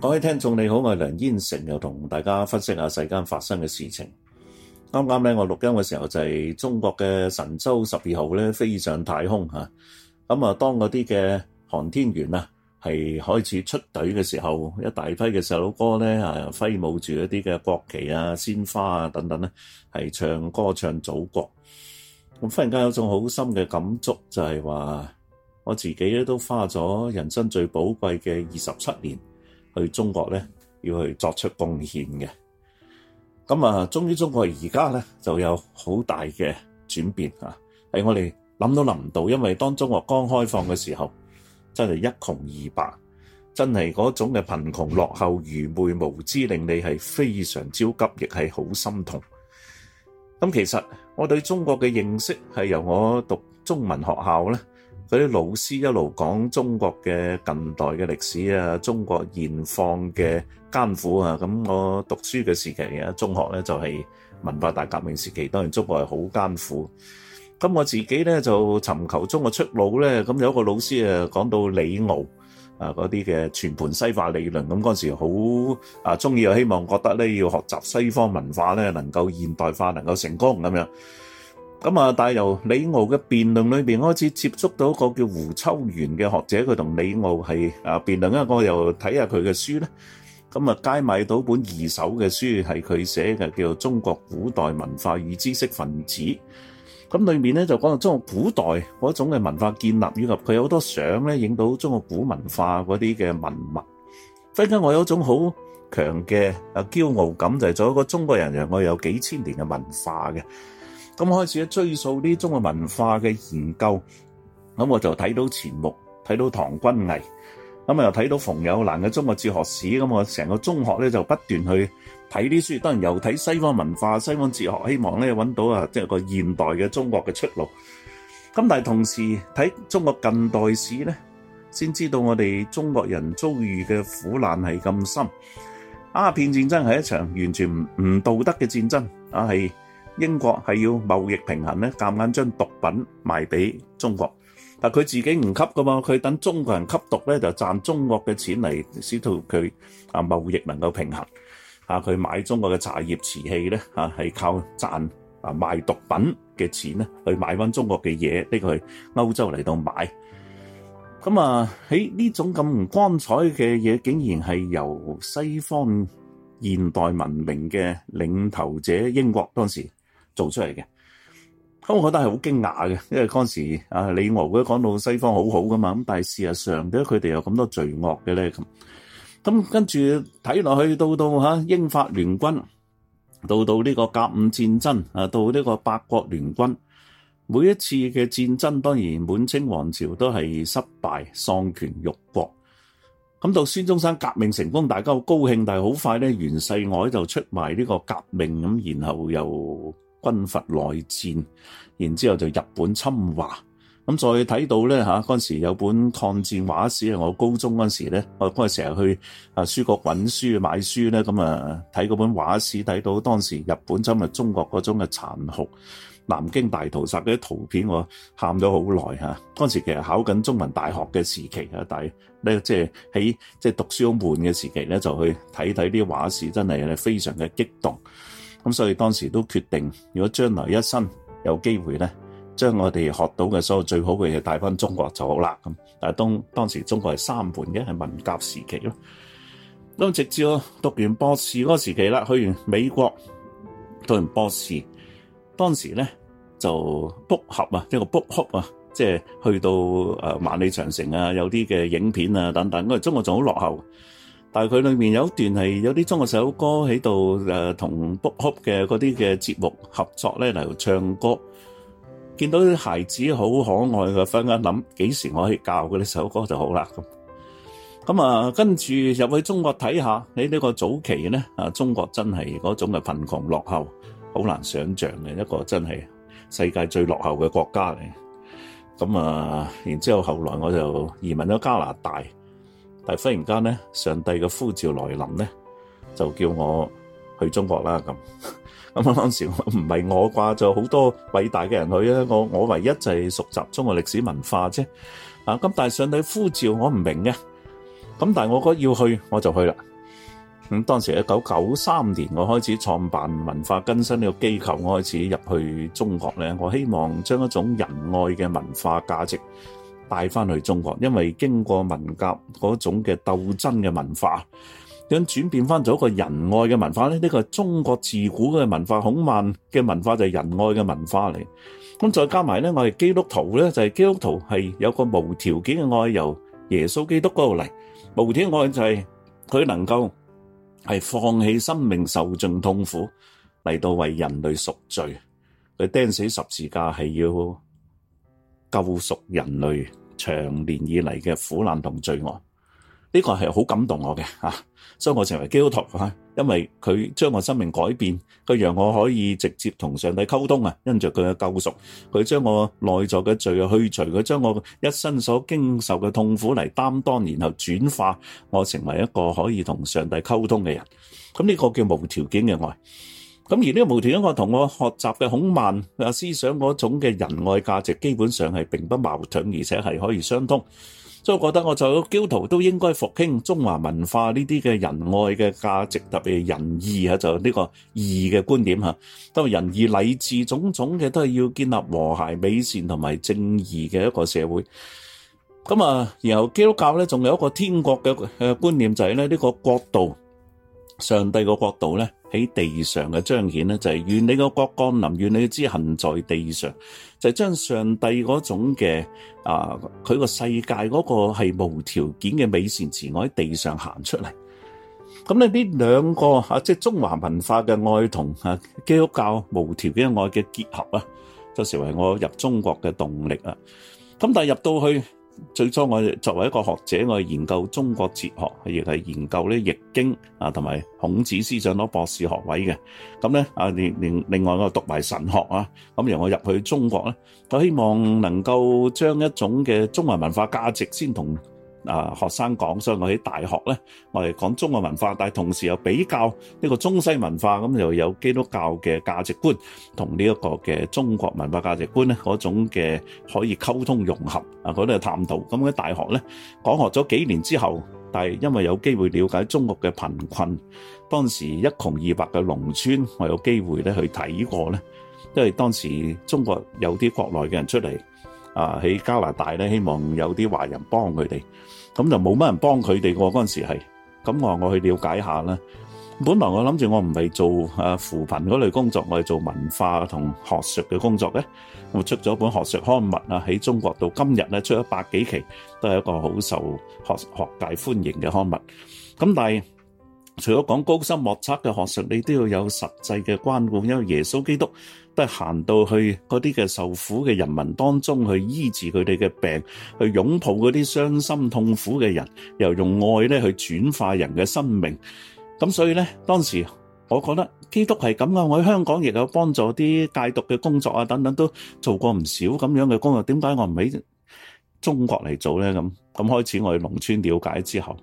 各位聽眾，你好，我係梁燕成，又同大家分析下世間發生嘅事情。啱啱咧，我錄音嘅時候就係中國嘅神舟十二號咧飛上太空吓。咁啊，當嗰啲嘅航天員啊係開始出隊嘅時候，一大批嘅細佬哥咧啊，揮舞住一啲嘅國旗啊、鮮花啊等等咧，係唱歌唱祖國。咁忽然間有種好深嘅感觸，就係話我自己咧都花咗人生最寶貴嘅二十七年。去中國咧，要去作出貢獻嘅。咁啊，終於中國而家咧就有好大嘅轉變吓，係我哋諗都諗唔到，因為當中國剛開放嘅時候，真係一窮二白，真係嗰種嘅貧窮落後愚昧無知，令你係非常焦急，亦係好心痛。咁其實我對中國嘅認識係由我讀中文學校咧。嗰啲老師一路講中國嘅近代嘅歷史啊，中國現況嘅艱苦啊，咁我讀書嘅時期啊，中學咧就係文化大革命時期，當然中國係好艱苦。咁我自己咧就尋求中國嘅出路咧，咁有一個老師啊講到李敖啊嗰啲嘅全盤西化理論，咁嗰陣時好啊鍾意又希望覺得咧要學習西方文化咧能夠現代化、能夠成功咁樣。咁啊！但係由李敖嘅辯論裏邊開始接觸到一個叫胡秋原嘅學者，佢同李敖係啊辯論一個，又睇下佢嘅書咧。咁啊，街買到本二手嘅書，係佢寫嘅，叫做《中國古代文化與知識分子》。咁裏面咧就講到中國古代嗰種嘅文化建立，以及佢有好多相咧影到中國古文化嗰啲嘅文物。忽然間，我有一種好強嘅驕傲感，就係、是、做一個中國人，讓我有幾千年嘅文化嘅。咁開始咧追溯啲中國文化嘅研究，咁我就睇到錢穆，睇到唐君毅，咁啊又睇到馮友蘭嘅《中國哲學史》，咁我成個中學咧就不斷去睇啲書，當然又睇西方文化、西方哲學，希望咧揾到啊即係個現代嘅中國嘅出路。咁但係同時睇中國近代史咧，先知道我哋中國人遭遇嘅苦難係咁深。鴉片戰爭係一場完全唔唔道德嘅戰爭啊，係。英國係要貿易平衡咧，夾硬將毒品賣俾中國，但佢自己唔吸㗎嘛，佢等中國人吸毒咧就賺中國嘅錢嚟，使到佢啊貿易能夠平衡。啊，佢買中國嘅茶葉瓷器咧，啊係靠賺啊賣毒品嘅錢咧去買翻中國嘅嘢，拎去歐洲嚟到買。咁啊喺呢種咁唔光彩嘅嘢，竟然係由西方現代文明嘅領頭者英國當時，做出嚟嘅，咁我覺得係好驚訝嘅，因為嗰陣時啊，李敖佢講到西方好好噶嘛，咁但係事實上點解佢哋有咁多罪惡嘅咧？咁咁跟住睇落去，到到吓英法聯軍，到到呢個甲午戰爭啊，到呢個八國聯軍，每一次嘅戰爭，當然滿清王朝都係失敗喪權辱國。咁到孫中山革命成功，大家好高興，但係好快咧，袁世凱就出賣呢個革命咁，然後又。軍閥內戰，然之後就日本侵華，咁再睇到咧吓，嗰陣時有本抗戰畫史啊，我高中嗰陣時咧，我嗰陣時成日去啊書局揾書買書咧，咁啊睇嗰本畫史，睇到當時日本侵略中國嗰種嘅殘酷，南京大屠殺嗰啲圖片，我喊咗好耐吓。嗰陣時其實考緊中文大學嘅時期啊，但係咧即係喺即係讀書好悶嘅時期咧，就去睇睇啲畫史，真係咧非常嘅激動。咁所以當時都決定，如果將來一生有機會咧，將我哋學到嘅所有最好嘅嘢帶翻中國就好啦。咁，但係當當時中國係三盤嘅，係文革時期咯。咁直至我讀完博士嗰個時期啦，去完美國讀完博士，當時咧就 book 合啊，即係 book 哭啊，即係去到誒萬里長城啊，有啲嘅影片啊等等，因為中國仲好落後。但係佢裏面有一段係有啲中國首歌喺度，誒同 bookhop 嘅嗰啲嘅節目合作咧嚟唱歌，見到啲孩子好可愛嘅，忽然間諗，幾時我可以教嗰啲首歌就好啦咁。咁啊，跟住入去中國睇下，喺呢個早期咧啊，中國真係嗰種嘅貧窮落後，好難想象嘅一個真係世界最落後嘅國家嚟。咁啊，然之後後來我就移民咗加拿大。但係忽然間咧，上帝嘅呼召來臨咧，就叫我去中國啦。咁咁當時唔係我掛，就好多偉大嘅人去啊。我我唯一就係熟習中國歷史文化啫。啊，咁但係上帝呼召我唔明嘅，咁但係我覺得要去，我就去啦。咁當時一九九三年，我開始創辦文化更新呢個機構，我開始入去中國咧。我希望將一種仁愛嘅文化價值，帶翻去中國，因為經過文革嗰種嘅鬥爭嘅文化，點轉變翻做一個仁愛嘅文化咧？呢個係中國自古嘅文化，孔孟嘅文化就係仁愛嘅文化嚟。咁再加埋咧，我哋基督徒咧，就係基督徒係有個無條件嘅愛，由耶穌基督嗰度嚟。無條件愛就係佢能夠係放棄生命，受盡痛苦嚟到為人類贖罪。佢釘死十字架係要。救贖人類長年以嚟嘅苦難同罪惡，呢個係好感動我嘅吓，啊，所以我成為基督徒啊，因為佢將我生命改變，佢讓我可以直接同上帝溝通啊，因着佢嘅救贖，佢將我內在嘅罪去除，佢將我一生所經受嘅痛苦嚟擔當，然後轉化我成為一個可以同上帝溝通嘅人，咁呢個叫無條件嘅愛。咁而呢個無條件，我同我學習嘅孔孟啊思想嗰種嘅仁愛價值，基本上係並不矛盾，而且係可以相通。所以我覺得我做個基督徒都應該復興中華文化呢啲嘅仁愛嘅價值，特別仁義啊，就呢個義嘅觀點嚇。當然仁義禮智，種種嘅都係要建立和諧美善同埋正義嘅一個社會。咁啊，然後基督教咧，仲有一個天國嘅誒觀念，就係咧呢個國度。上帝個角度咧，喺地上嘅彰顯咧，就係願你個國降臨，願你之行在地上，就係將上帝嗰種嘅啊，佢個世界嗰個係無條件嘅美善慈愛喺地上行出嚟。咁咧呢兩個啊，即係中華文化嘅愛同啊基督教無條件愛嘅結合啊，就成為我入中國嘅動力啊。咁但係入到去。最初我哋作為一個學者，我哋研究中國哲學，亦係研究咧易經啊，同埋孔子思想攞博士學位嘅。咁咧啊，另另另外我讀埋神學啊。咁由我入去中國咧，我希望能夠將一種嘅中華文化價值先同。啊！學生講，所以我喺大學咧，我哋講中國文化，但係同時又比較呢個中西文化，咁又有基督教嘅價值觀同呢一個嘅中國文化價值觀咧嗰種嘅可以溝通融合啊，嗰度探討。咁喺大學咧講學咗幾年之後，但係因為有機會瞭解中國嘅貧困，當時一窮二白嘅農村，我有機會咧去睇過咧，因為當時中國有啲國內嘅人出嚟。啊！喺加拿大咧，希望有啲華人幫佢哋，咁就冇乜人幫佢哋喎。嗰陣時係，咁我話我去了解下啦。本來我諗住我唔係做啊扶貧嗰類工作，我係做文化同學術嘅工作嘅。我出咗本學術刊物啊，喺中國到今日咧出咗百幾期，都係一個好受學學界歡迎嘅刊物。咁但係，除咗講高深莫測嘅學術，你都要有實際嘅關顧，因為耶穌基督都係行到去嗰啲嘅受苦嘅人民當中去醫治佢哋嘅病，去擁抱嗰啲傷心痛苦嘅人，又用愛咧去轉化人嘅生命。咁所以咧，當時我覺得基督係咁㗎，我喺香港亦有幫助啲戒毒嘅工作啊，等等都做過唔少咁樣嘅工作。點解我唔喺中國嚟做咧？咁咁開始我去農村了解之後。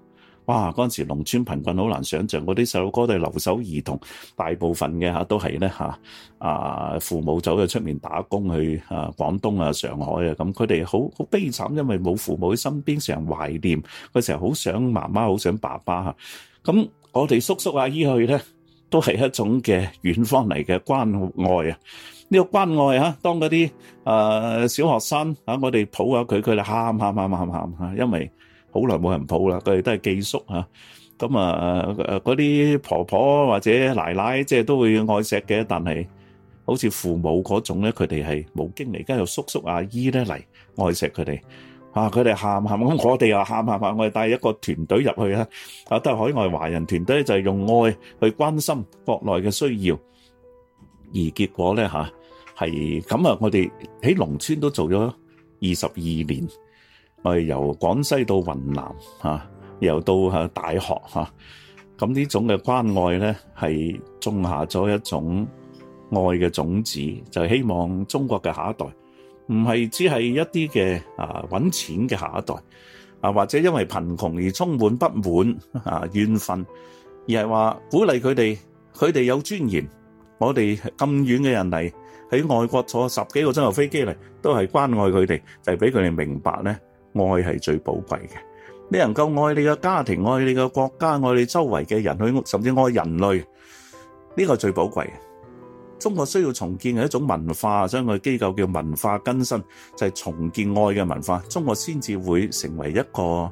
哇！嗰陣時農村貧困好難想像，嗰啲細路哥都係留守兒童，大部分嘅都係咧，嚇啊，父母走咗出面打工去啊，廣東啊上海啊咁，佢哋好好悲慘，因為冇父母喺身邊，成日懷念佢，成日好想媽媽，好想爸爸咁，啊，我哋叔叔阿姨去咧，都係一種嘅遠方嚟嘅關愛，這個，關愛啊！呢個關愛嚇，當嗰啲啊小學生，啊，我哋抱下佢，佢哋喊喊喊喊喊嚇，因為好耐冇人抱啦，佢哋都係寄宿嚇。咁啊，嗰啲婆婆或者奶奶即係都會愛錫嘅，但係好似父母嗰種咧，佢哋係冇經歷，跟住叔叔阿姨咧嚟愛錫佢哋。啊，佢哋喊喊，咁我哋又喊喊，我哋帶一個團隊入去啦。啊，都係海外華人團隊就係用愛去關心國內嘅需要，而結果咧嚇係咁啊！我哋喺農村都做咗二十二年。係由廣西到雲南嚇，又到嚇大學嚇，咁呢種嘅關愛咧，係種下咗一種愛嘅種子，就希望中國嘅下一代唔係只係一啲嘅啊揾錢嘅下一代啊，或者因為貧窮而充滿不滿啊、怨憤，而係話鼓勵佢哋，佢哋有尊嚴。我哋咁遠嘅人嚟喺外國坐十幾個鐘頭飛機嚟，都係關愛佢哋，就係俾佢哋明白咧。愛係最寶貴嘅，你能夠愛你嘅家庭，愛你嘅國家，愛你周圍嘅人，去甚至愛人類，呢個最寶貴嘅。中國需要重建嘅一種文化，將個機構叫文化更新，就係重建愛嘅文化，中國先至會成為一個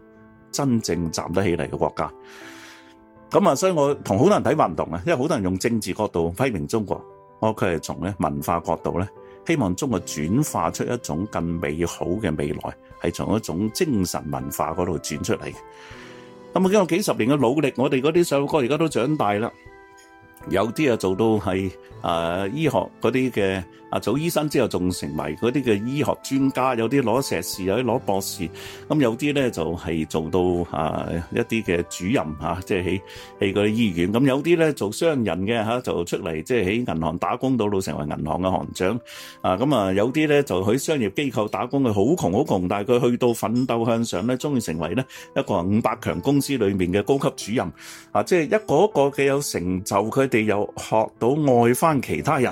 真正站得起嚟嘅國家。咁啊，所以我同好多人睇法唔同啊，因為好多人用政治角度批評中國，我佢係從咧文化角度咧。希望中國轉化出一種更美好嘅未來，係從一種精神文化嗰度轉出嚟嘅。咁經過幾十年嘅努力，我哋嗰啲細路哥而家都長大啦，有啲啊做到係啊、呃、醫學嗰啲嘅。啊！做醫生之後，仲成為嗰啲嘅醫學專家，有啲攞碩士，有啲攞博士。咁有啲咧就係、是、做到啊一啲嘅主任嚇，即係喺喺個醫院。咁有啲咧做商人嘅、啊、就出嚟即係喺銀行打工到到，成為銀行嘅行長。啊咁啊，有啲咧就喺商業機構打工，佢好窮好窮，但係佢去到奮鬥向上咧，終於成為咧一個五百強公司裏面嘅高級主任。啊，即、就、係、是、一個一個嘅有成就，佢哋又學到愛翻其他人。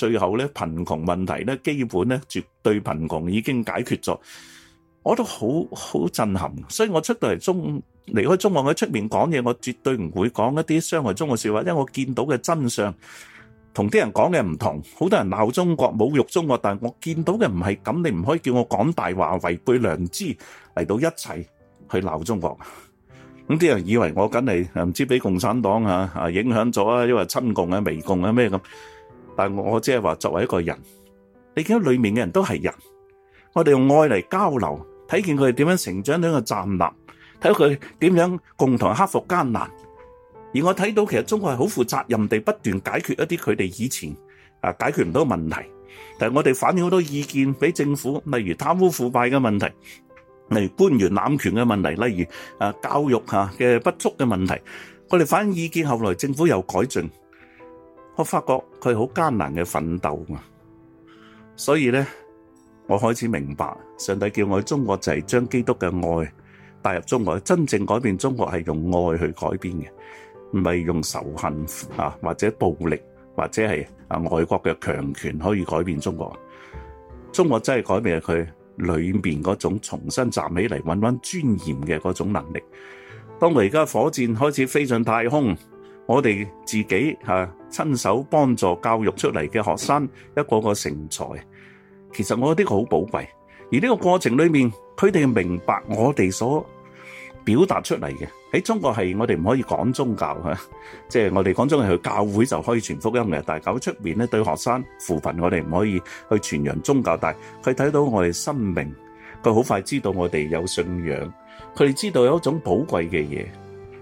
最後咧貧窮問題咧基本，咧絕對貧窮已經解決咗，我都好好震撼，所以我出到嚟中，離開中國喺出面講嘢，我絕對唔會講一啲傷害中國嘅說話，因為我見到嘅真相，同啲人講嘅唔同。好多人鬧中國侮辱中國，但係我見到嘅唔係咁，你唔可以叫我講大話違背良知嚟到一齊去鬧中國，咁啲人以為我梗係唔知俾共產黨吓吓影響咗啊，因為親共啊、微共啊咩咁。但係我即係話，作為一個人，你見到裏面嘅人都係人，我哋用愛嚟交流，睇見佢哋點樣成長，點樣站立，睇到佢點樣共同克服艱難。而我睇到其實中國係好負責任地不斷解決一啲佢哋以前啊解決唔到嘅問題，但係我哋反映好多意見俾政府，例如貪污腐敗嘅問題，例如官員攬權嘅問題，例如啊教育吓嘅不足嘅問題，我哋反映意見，後來政府又改進。我發覺佢好艱難嘅奮鬥啊！所以咧，我開始明白上帝叫我去中國就係將基督嘅愛帶入中國，真正改變中國係用愛去改變嘅，唔係用仇恨啊或者暴力或者係啊外國嘅強權可以改變中國。中國真係改變嘅佢裏面嗰種重新站起嚟，揾翻尊嚴嘅嗰種能力。當我而家火箭開始飛上太空。我哋自己嚇，親手幫助教育出嚟嘅學生一個個成才，其實我覺得呢個好寶貴。而呢個過程裏面，佢哋明白我哋所表達出嚟嘅喺中國係我哋唔可以講宗教嚇，即係我哋講宗教去教會就可以傳福音嘅。但係教會出面咧，對學生扶貧，我哋唔可以去傳揚宗教。但係佢睇到我哋生命，佢好快知道我哋有信仰。佢哋知道有一種寶貴嘅嘢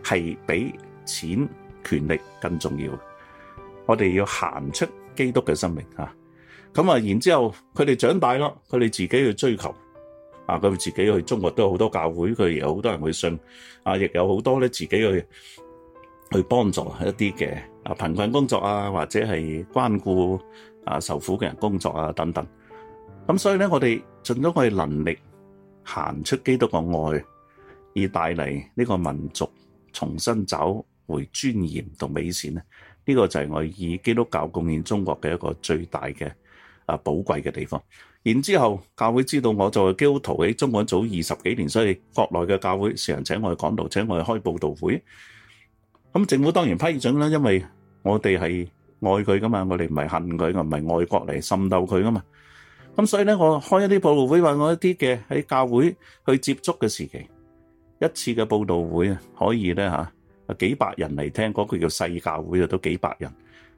係畀錢，權力更重要，我哋要行出基督嘅生命啊！咁啊，然之後佢哋長大咯，佢哋自己去追求啊，佢哋自己去中國都有好多教會，佢有好多人去信啊，亦有好多咧自己去去幫助一啲嘅啊貧困工作啊，或者係關顧啊受苦嘅人工作啊等等。咁所以咧，我哋盡咗我哋能力行出基督嘅愛，以帶嚟呢個民族重新走回尊嚴同美善咧，呢個就係我以基督教貢獻中國嘅一個最大嘅啊寶貴嘅地方。然之後教會知道我作為基督徒喺中國早二十幾年，所以國內嘅教會成請我去講道，請我去開報道會。咁政府當然批准啦，因為我哋係愛佢噶嘛，我哋唔係恨佢，我唔係外國嚟滲透佢噶嘛。咁所以咧，我開一啲報道會，話我一啲嘅喺教會去接觸嘅時期，一次嘅報道會啊，可以咧吓。啊！幾百人嚟聽嗰句、那個、叫世教會，就都幾百人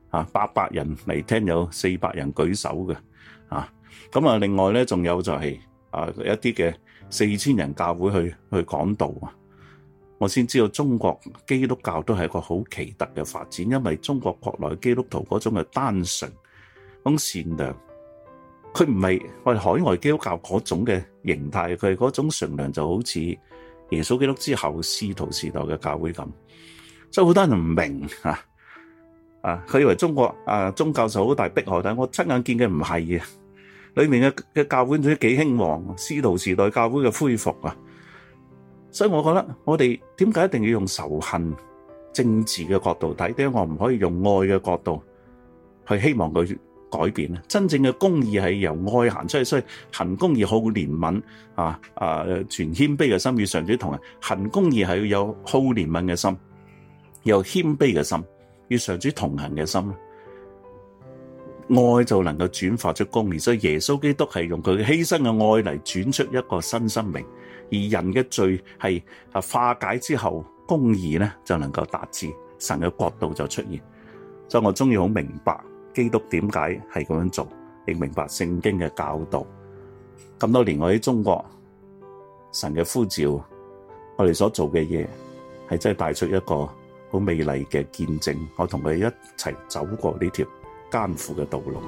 啊！八百人嚟聽有四百人舉手嘅啊！咁啊，另外咧仲有就係、是、啊一啲嘅四千人教會去去講道啊！我先知道中國基督教都係一個好奇特嘅發展，因為中國國內基督徒嗰種嘅單純、咁善良，佢唔係我哋海外基督教嗰種嘅形態，佢嗰種善良就好似，耶穌基督之後，使徒時代嘅教會咁，即係好多人唔明吓，啊，佢以為中國啊宗教受好大迫害，但係我親眼見嘅唔係嘅，裏面嘅嘅教會都幾興旺，使徒時代教會嘅恢復啊，所以我覺得我哋點解一定要用仇恨政治嘅角度睇，點解我唔可以用愛嘅角度去希望佢？改變咧，真正嘅公義係由愛行出去。所以行公義好憐憫啊！啊，全謙卑嘅心與上主同行，行公義係要有好憐憫嘅心，有謙卑嘅心，與上主同行嘅心，愛就能夠轉化出公義。所以耶穌基督係用佢犧牲嘅愛嚟轉出一個新生命，而人嘅罪係啊化解之後，公義咧就能夠達至神嘅角度就出現。所以我終於好明白。基督點解係咁樣做？亦明白聖經嘅教導。咁多年我喺中國，神嘅呼召，我哋所做嘅嘢，係真係帶出一個好美麗嘅見證。我同佢一齊走過呢條艱苦嘅道路。